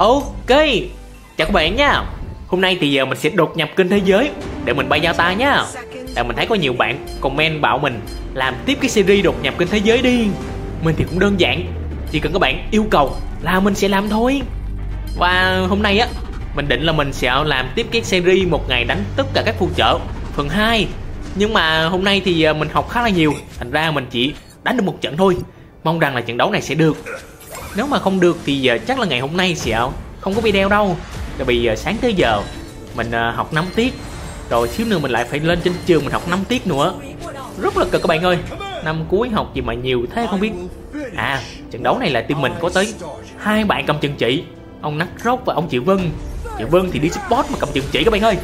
Ok Chào các bạn nha Hôm nay thì giờ mình sẽ đột nhập kênh thế giới Để mình bay giao ta nha Tại mình thấy có nhiều bạn comment bảo mình Làm tiếp cái series đột nhập kênh thế giới đi Mình thì cũng đơn giản Chỉ cần các bạn yêu cầu là mình sẽ làm thôi Và hôm nay á Mình định là mình sẽ làm tiếp cái series Một ngày đánh tất cả các khu chợ Phần 2 Nhưng mà hôm nay thì à, mình học khá là nhiều Thành ra mình chỉ đánh được một trận thôi Mong rằng là trận đấu này sẽ được nếu mà không được thì giờ chắc là ngày hôm nay xẹo không có video đâu tại vì giờ sáng tới giờ mình ờ, học 5 tiết rồi xíu nữa mình lại phải lên trên trường mình học 5 tiết nữa rất là cực các bạn ơi năm cuối học gì mà nhiều thế không biết à trận đấu này là team mình có tới hai bạn cầm chừng chỉ ông nắc rốc và ông triệu vân triệu vân thì đi support mà cầm chừng chỉ các bạn ơi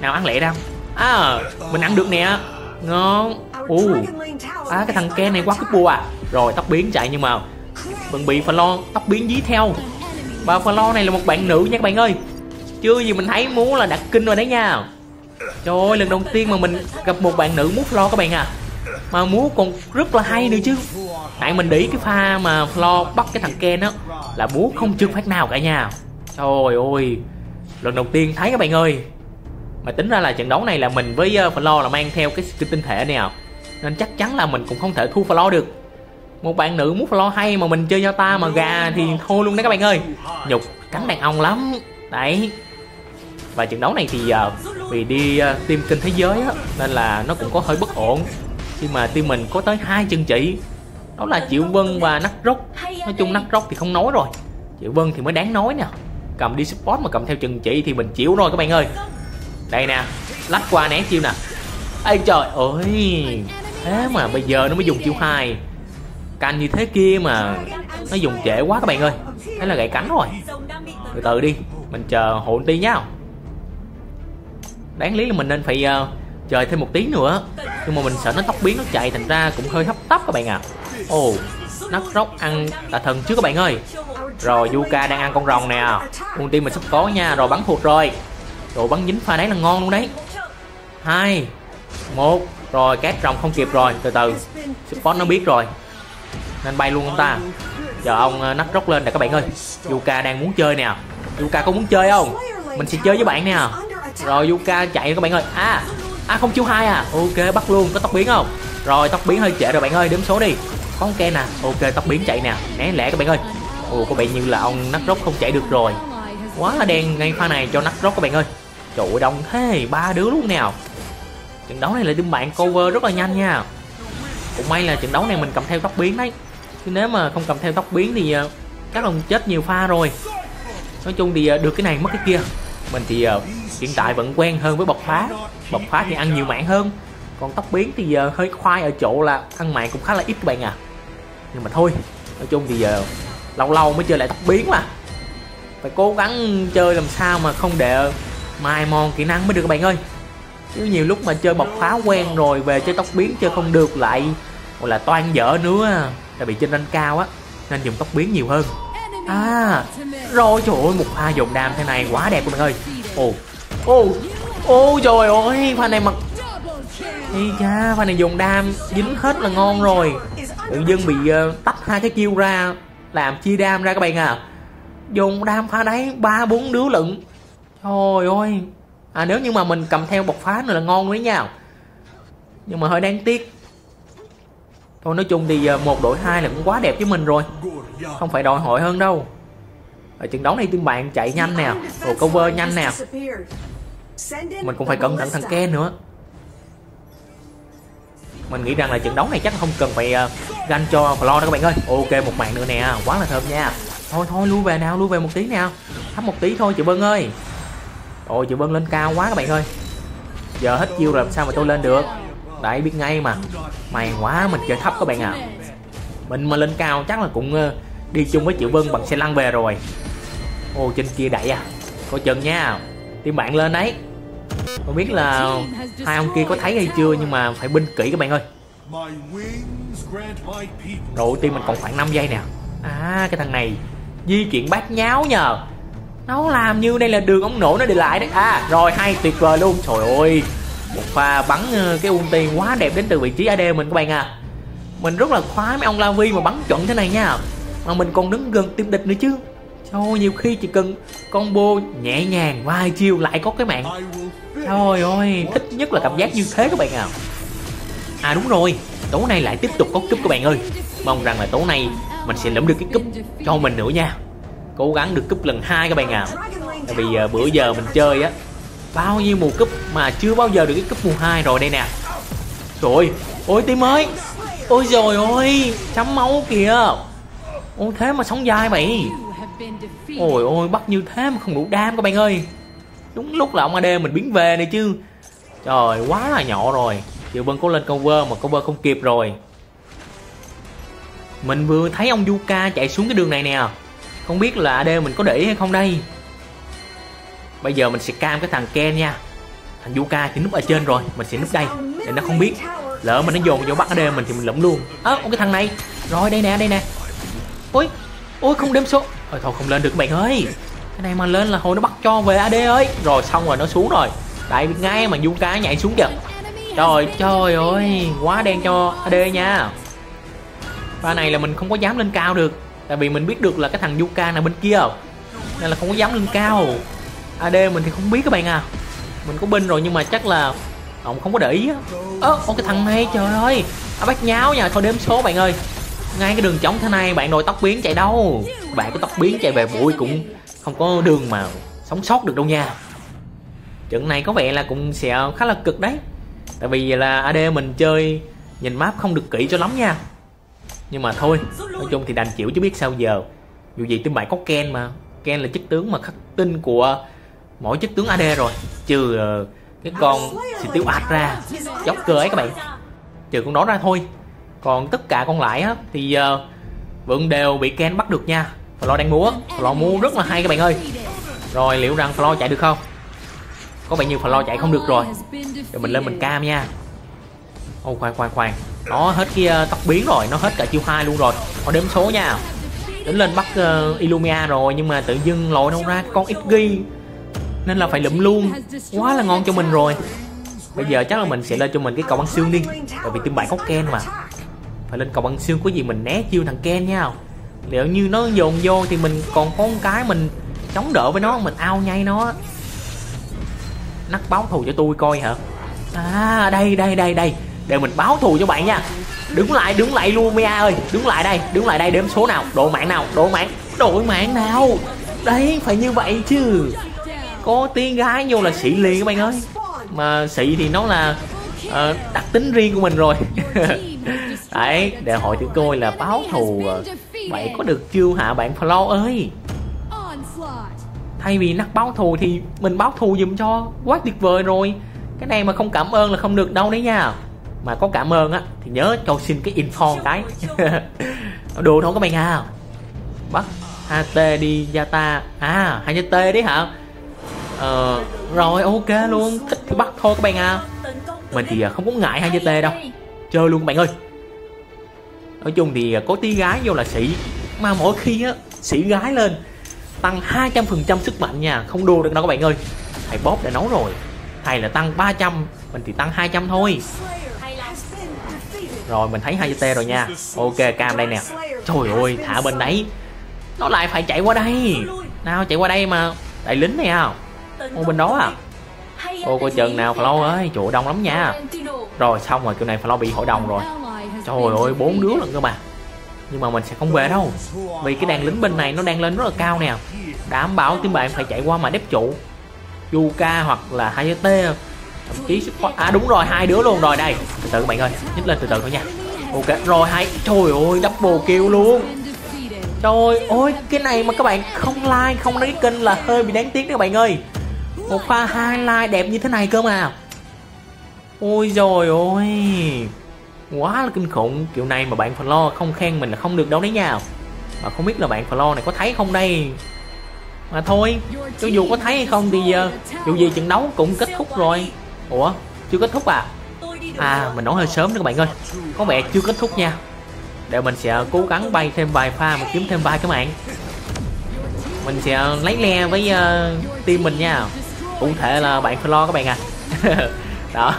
nào ăn lẹ ra à mình ăn được nè ngon u à cái thằng ken này quá cúp bùa à rồi tóc biến chạy nhưng mà bạn bị pha lo tóc biến dí theo và pha lo này là một bạn nữ nha các bạn ơi chưa gì mình thấy muốn là đặt kinh rồi đấy nha trời ơi lần đầu tiên mà mình gặp một bạn nữ múa lo các bạn à mà múa còn rất là hay nữa chứ tại mình để cái pha mà lo bắt cái thằng ken á là múa không chưa phát nào cả nha trời ơi lần đầu tiên thấy các bạn ơi mà tính ra là trận đấu này là mình với uh, ờ, Flo là mang theo cái skin tinh thể này à nên chắc chắn là mình cũng không thể thua Flo được một bạn nữ mút lo hay mà mình chơi cho ta mà gà thì thôi luôn đấy các bạn ơi nhục cắn đàn ông lắm đấy và trận đấu này thì à, vì đi uh, team kinh thế giới á, nên là nó cũng có hơi bất ổn khi mà team mình có tới hai chân chị đó là triệu vân và nắc rốc nói chung nắc rốc thì không nói rồi triệu vân thì mới đáng nói nè cầm đi support mà cầm theo chân chị thì mình chịu rồi các bạn ơi đây nè lách qua né chiêu nè ây trời ơi thế mà bây giờ nó mới dùng chiêu hai canh như thế kia mà nó dùng trễ quá các bạn ơi thế là gãy cánh rồi từ từ đi mình chờ hụn tí nhá đáng lý là mình nên phải uh, chờ thêm một tí nữa nhưng mà mình sợ nó tóc biến nó chạy thành ra cũng hơi hấp tấp các bạn à ồ oh, nắp róc ăn tà thần trước các bạn ơi rồi Yuka đang ăn con rồng nè Con tim mình sắp có nha Rồi bắn thuộc rồi Đồ bắn dính pha đấy là ngon luôn đấy hai một Rồi cát rồng không kịp rồi Từ từ Support nó biết rồi nên bay luôn ông ta giờ ông ờ, nắp rốc lên nè các bạn ơi Yuka đang muốn chơi nè Yuka có muốn chơi không mình sẽ chơi với bạn nè rồi Yuka chạy các bạn ơi à à không chiêu hai à ok bắt luôn có tóc biến không rồi tóc biến hơi trễ rồi bạn ơi đếm số đi có con nè ok tóc biến chạy nè né lẻ các bạn ơi ồ có vẻ như là ông nắp rốc không chạy được rồi quá là đen ngay pha này cho nắp rốc các bạn ơi trời đông thế ba đứa luôn nào trận đấu này là đương bạn cover rất là nhanh nha cũng may là trận đấu này mình cầm theo tóc biến đấy chứ nếu mà không cầm theo tóc biến thì ờ, chắc là chết nhiều pha rồi nói chung thì ờ, được cái này mất cái kia mình thì ờ, hiện tại vẫn quen hơn với bộc phá bộc phá thì ăn nhiều mạng hơn còn tóc biến thì giờ hơi khoai ở chỗ là ăn mạng cũng khá là ít các bạn à nhưng mà thôi nói chung thì giờ lâu lâu mới chơi lại tóc biến mà phải cố gắng chơi làm sao mà không để mai mòn kỹ năng mới được các bạn ơi chứ nhiều lúc mà chơi bộc phá quen rồi về chơi tóc biến chơi không được lại gọi là toan dở nữa tại vì trên rank cao á nên dùng tóc biến nhiều hơn à rồi trời ơi một pha dồn đam thế này quá đẹp các bạn ơi ồ ồ ồ trời ơi pha này mặc Ý cha, pha này dùng đam dính hết là ngon rồi Tự dưng bị uh, tách hai cái kêu ra Làm chia đam ra các bạn à Dùng đam pha đấy ba bốn đứa lận Trời ơi À nếu như mà mình cầm theo bọc phá nữa là ngon đấy nha Nhưng mà hơi đáng tiếc thôi nói chung thì ờ, một đội hai là cũng quá đẹp với mình rồi không phải đòi hỏi hơn đâu ở trận đấu này team bạn chạy nhanh nè rồi cover nhanh nè mình cũng phải cẩn thận thằng Ken nữa mình nghĩ rằng là trận đấu này chắc không cần phải ờ, ganh cho Flo đó các bạn ơi ok một mạng nữa nè quá là thơm nha thôi thôi lui về nào lui về một tí nè thấp một tí thôi chị bân ơi ôi chị bân lên cao quá các bạn ơi giờ hết chiêu rồi làm sao mà tôi lên được đấy biết ngay mà may quá mình chơi thấp các bạn ạ à. mình mà lên cao chắc là cũng ờ, đi chung với triệu vân bằng xe lăn về rồi ô trên kia đẩy à coi chừng nha tim bạn lên đấy không biết là hai ông kia có thấy hay chưa nhưng mà phải binh kỹ các bạn ơi đầu tiên mình còn khoảng 5 giây nè à cái thằng này di chuyển bát nháo nhờ nó làm như đây là đường ống nổ nó để lại đấy à rồi hay tuyệt vời luôn trời ơi một pha bắn ờ, cái ulti quá đẹp đến từ vị trí AD mình các bạn à mình rất là khoái mấy ông La mà bắn chuẩn thế này nha mà mình còn đứng gần tim địch nữa chứ thôi nhiều khi chỉ cần combo nhẹ nhàng vài chiêu lại có cái mạng thôi ôi thích nhất là cảm giác như thế các bạn à à đúng rồi tối nay lại tiếp tục có cúp các bạn ơi mong rằng là tối nay mình sẽ lẫm được cái cúp cho mình nữa nha cố gắng được cúp lần hai các bạn à tại vì ờ, bữa giờ mình chơi á bao nhiêu mùa cúp mà chưa bao giờ được cái cúp mùa 2 rồi đây nè trời ơi ôi tim ơi ôi rồi ôi chấm máu kìa ôi thế mà sống dai mày ôi ôi bắt như thế mà không đủ đam các bạn ơi đúng lúc là ông ad mình biến về này chứ trời quá là nhỏ rồi triệu vân có lên cover mà cover không kịp rồi mình vừa thấy ông Yuka chạy xuống cái đường này nè Không biết là AD mình có để ý hay không đây bây giờ mình sẽ cam cái thằng Ken nha thằng Yuka thì núp ở trên rồi mình sẽ núp đây để nó không biết lỡ mình nó dồn vô bắt ở đây mình thì mình lẫm luôn ơ à, cái thằng này rồi đây nè đây nè ôi ôi không đếm số rồi thôi không lên được bạn ơi cái này mà lên là hồi nó bắt cho về ad ơi rồi xong rồi nó xuống rồi tại biết ngay mà Yuka nhảy xuống kìa trời trời ơi quá đen cho ad nha ba này là mình không có dám lên cao được tại vì mình biết được là cái thằng Yuka nằm bên kia nên là không có dám lên cao AD mình thì không biết các bạn à Mình có binh rồi nhưng mà chắc là Ông không có để ý á Ơ, à, cái thằng này trời ơi à, Bác nháo nha, thôi đếm số bạn ơi Ngay cái đường trống thế này bạn đội tóc biến chạy đâu Bạn có tóc biến chạy về bụi cũng Không có đường mà sống sót được đâu nha Trận này có vẻ là cũng sẽ khá là cực đấy Tại vì là AD mình chơi Nhìn map không được kỹ cho lắm nha Nhưng mà thôi Nói chung thì đành chịu chứ biết sao giờ Dù gì team bạn có Ken mà Ken là chức tướng mà khắc tinh của mỗi chất tướng AD rồi trừ ờ, cái con tiêu ạt ra dốc cơ ấy các bạn trừ con đó ra thôi còn tất cả con lại á thì uh, vượng đều bị ken bắt được nha flo đang múa flo múa rất là hay các bạn ơi rồi liệu rằng flo chạy được không có vẻ như flo chạy không được rồi rồi mình lên mình cam nha ô khoan khoan khoan nó hết cái uh, tóc biến rồi nó hết cả chiêu hai luôn rồi nó đếm số nha đến lên bắt uh, illumia rồi nhưng mà tự dưng lội đâu ra con ít ghi nên là phải lụm luôn quá là ngon cho mình rồi bây giờ chắc là mình sẽ lên cho mình cái cầu băng xương đi tại vì team bạn có ken mà phải lên cầu băng xương có gì mình né chiêu thằng ken nha liệu như nó dồn vô thì mình còn có một cái mình chống đỡ với nó mình ao nhay nó nắc báo thù cho tôi coi hả à đây đây đây đây để mình báo thù cho bạn nha đứng lại đứng lại luôn mia ơi đứng lại đây đứng lại đây đếm số nào độ mạng nào độ mạng độ mạng nào đấy phải như vậy chứ có tiếng gái vô là xị liền các bạn ơi mà xị thì nó là uh, đặc tính riêng của mình rồi đấy để hội chúng tôi là báo thù vậy ờ, có được chưa hả bạn Flo ơi thay vì nắc báo thù thì mình báo thù giùm cho quá tuyệt vời rồi cái này mà không cảm ơn là không được đâu đấy nha mà có cảm ơn á thì nhớ cho xin cái info cái đồ thôi các bạn à bắt HT đi Yata à hai t đấy hả Ờ, rồi ok luôn, thích thì bắt thôi các bạn à Mình thì à, không có ngại 2 tê đâu Chơi luôn các bạn ơi Nói chung thì à, có tí gái vô là sĩ Mà mỗi khi á, sĩ gái lên Tăng 200% sức mạnh nha, không đua được đâu các bạn ơi Thầy bóp đã nấu rồi Thầy là tăng 300, mình thì tăng 200 thôi Rồi mình thấy 2 tê rồi nha Ok cam đây nè Trời ơi thả bên đấy Nó lại phải chạy qua đây Nào chạy qua đây mà Đại lính này không à. Ô bên đó à Ô coi chừng nào Flow ơi Chỗ đông lắm nha Rồi xong rồi kiểu này Flow bị hội đồng rồi Trời ơi bốn đứa lận cơ mà Nhưng mà mình sẽ không về đâu Vì cái đàn lính bên này nó đang lên rất là cao nè Đảm bảo tiếng bạn phải chạy qua mà đếp trụ Yuka hoặc là Hayate Thậm chí À đúng rồi hai đứa luôn rồi đây Từ từ các bạn ơi Nhích lên từ từ thôi nha Ok rồi hai Trời ơi double kill luôn Trời ơi cái này mà các bạn không like không đăng ký kênh là hơi bị đáng tiếc đấy các bạn ơi một pha highlight đẹp như thế này cơ mà ôi rồi ôi quá là kinh khủng kiểu này mà bạn lo không khen mình là không được đâu đấy nha mà không biết là bạn lo này có thấy không đây mà thôi cho dù có thấy hay không thì uh, dù gì trận đấu cũng kết thúc rồi ủa chưa kết thúc à à mình nói hơi sớm đó các bạn ơi có vẻ chưa kết thúc nha để mình sẽ cố gắng bay thêm vài pha mà kiếm thêm vài các bạn mình sẽ lấy le với uh, team mình nha cũng thể là bạn phải lo các bạn à đó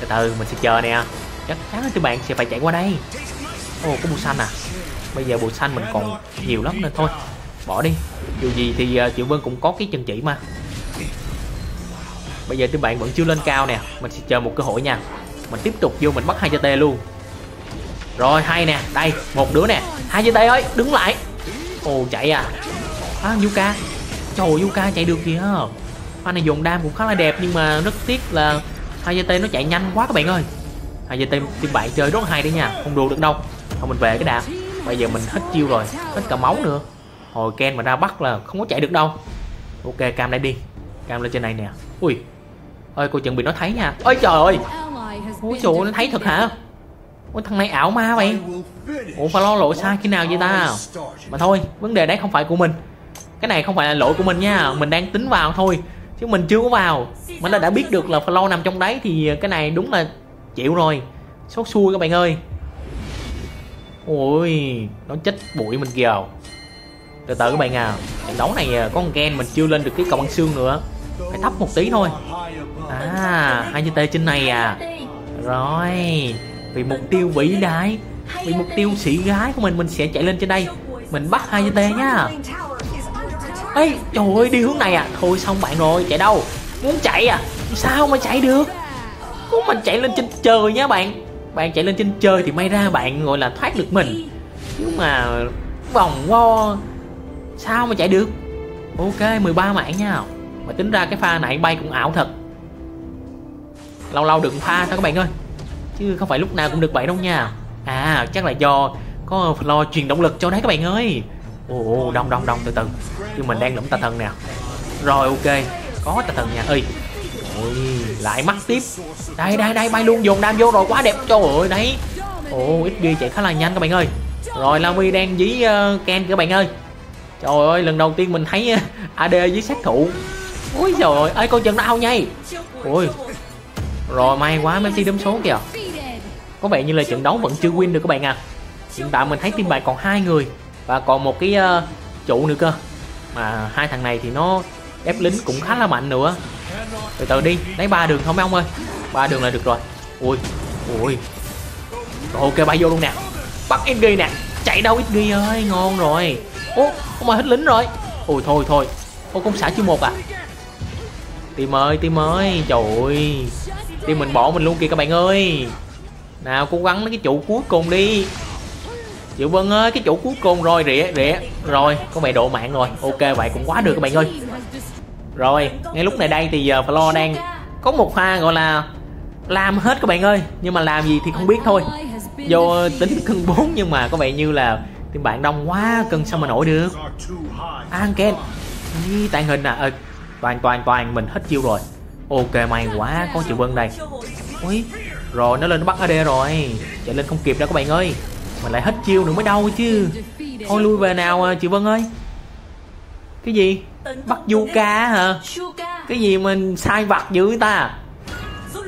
từ từ mình sẽ chờ nè chắc chắn là tụi bạn sẽ phải chạy qua đây ô có bùa xanh à bây giờ bùa xanh mình còn nhiều lắm nên thôi bỏ đi dù gì thì uh, triệu vân cũng có cái chân chỉ mà bây giờ tụi bạn vẫn chưa lên cao nè mình sẽ chờ một cơ hội nha mình tiếp tục vô mình bắt hai cht luôn rồi hay nè đây một đứa nè hai cht ơi đứng lại ồ chạy à à ca Trời Yuka chạy được kìa Pha này dùng đam cũng khá là đẹp nhưng mà rất tiếc là Hayate nó chạy nhanh quá các bạn ơi Hayate team bại chơi rất hay đấy nha Không đùa được đâu Thôi mình về cái đạp Bây giờ mình hết chiêu rồi Hết cả máu nữa Hồi Ken mà ra bắt là không có chạy được đâu Ok cam lại đi Cam lên trên này nè Ui Ơi cô chuẩn bị nó thấy nha Ơi trời ơi Ôi trời nó thấy thật hả Ôi thằng này ảo ma vậy Ủa phải lo lộ sai khi nào vậy ta Mà thôi vấn đề đấy không phải của mình cái này không phải là lỗi của mình nha mình đang tính vào thôi chứ mình chưa có vào mình đã, đã biết được là flow nằm trong đấy thì cái này đúng là chịu rồi sốt xui các bạn ơi ôi nó chết bụi mình kìa từ từ các bạn à trận đấu này à, có con gen mình chưa lên được cái cầu băng xương nữa phải thấp một tí thôi à hai chữ tê trên này à rồi vì mục tiêu vĩ đại vì mục tiêu sĩ gái của mình mình sẽ chạy lên trên đây mình bắt hai chữ tê nhá ấy trời ơi đi hướng này à thôi xong bạn rồi chạy đâu muốn chạy à sao mà chạy được muốn mình chạy lên trên trời nha bạn bạn chạy lên trên trời thì may ra bạn gọi là thoát được mình chứ mà vòng vo sao mà chạy được ok 13 mạng nha mà tính ra cái pha này bay cũng ảo thật lâu lâu đừng pha đó các bạn ơi chứ không phải lúc nào cũng được vậy đâu nha à chắc là do có floor truyền động lực cho đấy các bạn ơi ồ ô đông đông đông từ từ nhưng mình đang lụm tà thần nè rồi ok có tà thần nha ơi ôi lại mắc tiếp đây đây đây bay luôn dùng đam vô rồi quá đẹp trời ơi đấy ô xg chạy khá là nhanh các bạn ơi rồi Lavi đang dí uh, ờ, Ken các bạn ơi Trời ơi lần đầu tiên mình thấy uh, ờ, AD với sát thủ Ôi trời ơi, ơi con chừng nó ao nhây Ôi Rồi may quá Messi đấm số kìa Có vẻ như là trận đấu vẫn chưa win được các bạn à Hiện tại mình thấy team bài còn hai người và còn một cái uh, trụ nữa cơ mà hai thằng này thì nó ép lính cũng khá là mạnh nữa từ từ đi lấy ba đường không mấy ông ơi ba đường là được rồi ui ui rồi ok bay vô luôn nè bắt ít ghi nè chạy đâu ít ghi ơi ngon rồi ô không ai hết lính rồi ui thôi thôi ô không xả chưa một à tim ơi tim ơi trời ơi tim mình bỏ mình luôn kìa các bạn ơi nào cố gắng lấy cái trụ cuối cùng đi Diệu Vân ơi cái chỗ cuối cùng rồi rỉa rỉa Rồi có mày độ mạng rồi Ok vậy cũng quá được các bạn ơi Rồi ngay lúc này đây thì uh, Flo đang có một pha gọi là làm hết các bạn ơi Nhưng mà làm gì thì không biết thôi Vô tính cân 4 nhưng mà có vẻ như là Tìm bạn đông quá cân sao mà nổi được An à, Ken tàn hình à, à Toàn toàn toàn mình hết chiêu rồi Ok may quá có chịu Vân đây Ui, Rồi nó lên nó bắt AD rồi Chạy lên không kịp đâu các bạn ơi mình lại hết chiêu nữa mới đau chứ thôi lui về nào à, chị vân ơi cái gì bắt du ca hả cái gì mình sai vặt dữ ta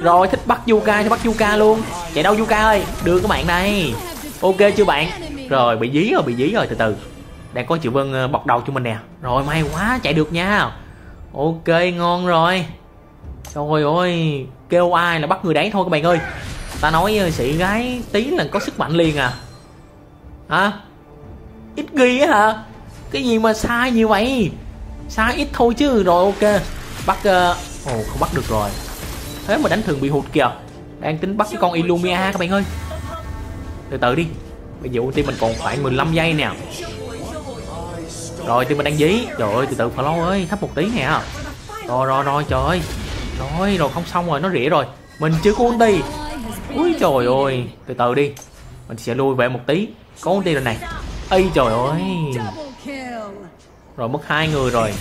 rồi thích bắt du ca thì bắt du ca luôn chạy đâu du ca ơi đưa các bạn này ok chưa bạn rồi bị dí rồi bị dí rồi từ từ đang có chị vân ờ, bọc đầu cho mình nè rồi may quá chạy được nha ok ngon rồi trời ơi kêu ai là bắt người đấy thôi các bạn ơi ta nói ờ, sĩ gái tí là có sức mạnh liền à hả ít ghi á hả cái gì mà sai như vậy sai ít thôi chứ rồi ok bắt ờ, ồ uh... oh, không bắt được rồi thế mà đánh thường bị hụt kìa đang tính bắt cái con illumia các bạn ơi từ từ đi bây giờ ulti mình còn khoảng 15 giây nè rồi team mình đang dí trời ơi từ từ lâu ơi thấp một tí nè rồi rồi rồi trời ơi rồi rồi không xong rồi nó rỉa rồi mình chưa có ulti ui trời ơi từ từ đi mình sẽ lui về một tí có con rồi này ây trời ơi rồi mất hai người rồi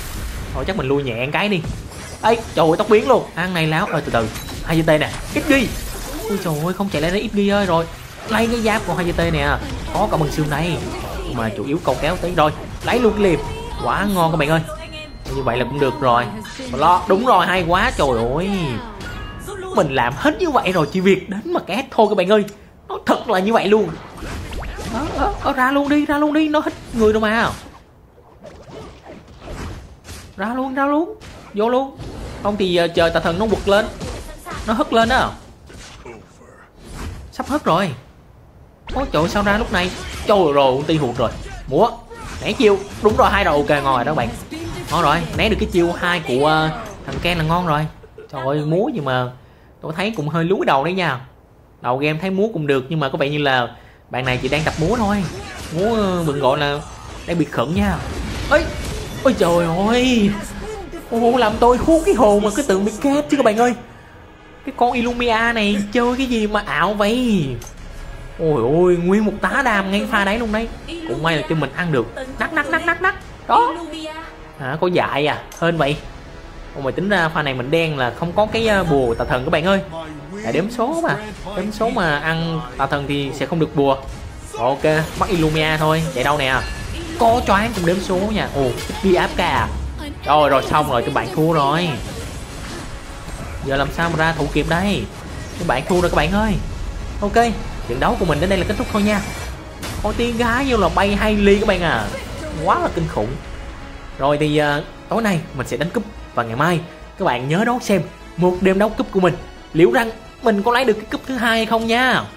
thôi chắc mình lui nhẹ cái đi ấy trời ơi tóc biến luôn ăn này láo rồi từ từ hai gt nè ít đi. ui trời ơi không chạy lên đấy ít đi ơi rồi lấy cái giáp của hai gt nè có cả bằng xương này mà chủ yếu câu kéo tí rồi lấy luôn cái liềm quá ngon các bạn ơi như vậy là cũng được rồi mà lo đúng rồi hay quá trời ơi mình làm hết như vậy rồi chỉ việc đến mà két thôi các bạn ơi nó thật là như vậy luôn nó đó, đó, ra luôn đi ra luôn đi nó hít người đâu mà ra luôn ra luôn vô luôn không thì ờ, chờ tà thần nó quật lên nó hất lên đó sắp hất rồi ôi trời sao ra lúc này trời rồi ti hụt rồi múa né chiêu đúng rồi hai đầu ok ngồi rồi đó bạn ngon rồi né được cái chiêu hai của ờ, thằng ken là ngon rồi trời ơi múa gì mà tôi thấy cũng hơi lúi đầu đấy nha đầu game thấy múa cũng được nhưng mà có vẻ như là bạn này chỉ đang tập múa thôi múa mình ờ, gọi là đang bị khẩn nha ấy ôi trời ơi ô làm tôi hút cái hồn mà cái tượng bị kết chứ các bạn ơi cái con Illumia này chơi cái gì mà ảo vậy ôi ôi nguyên một tá đam ngay pha đấy luôn đấy cũng may là cho mình ăn được nắc nắc nắc nắc nắc đó hả có dại à hên vậy Ồ mà tính ra pha này mình đen là không có cái ờ, bùa tà thần các bạn ơi để đếm số mà Đếm số mà ăn tà thần thì sẽ không được bùa Ok bắt Illumia thôi Chạy đâu nè Có choáng cũng đếm số nha Ồ đi áp cả Rồi rồi xong rồi các bạn thua rồi Giờ làm sao mà ra thủ kịp đây Các bạn thua rồi các bạn ơi Ok trận đấu của mình đến đây là kết thúc thôi nha Ôi tiếng gái vô là bay hay ly các bạn à Quá là kinh khủng Rồi thì uh, tối nay mình sẽ đánh cúp và ngày mai các bạn nhớ đón xem một đêm đấu cúp của mình liệu rằng mình có lấy được cái cúp thứ hai hay không nha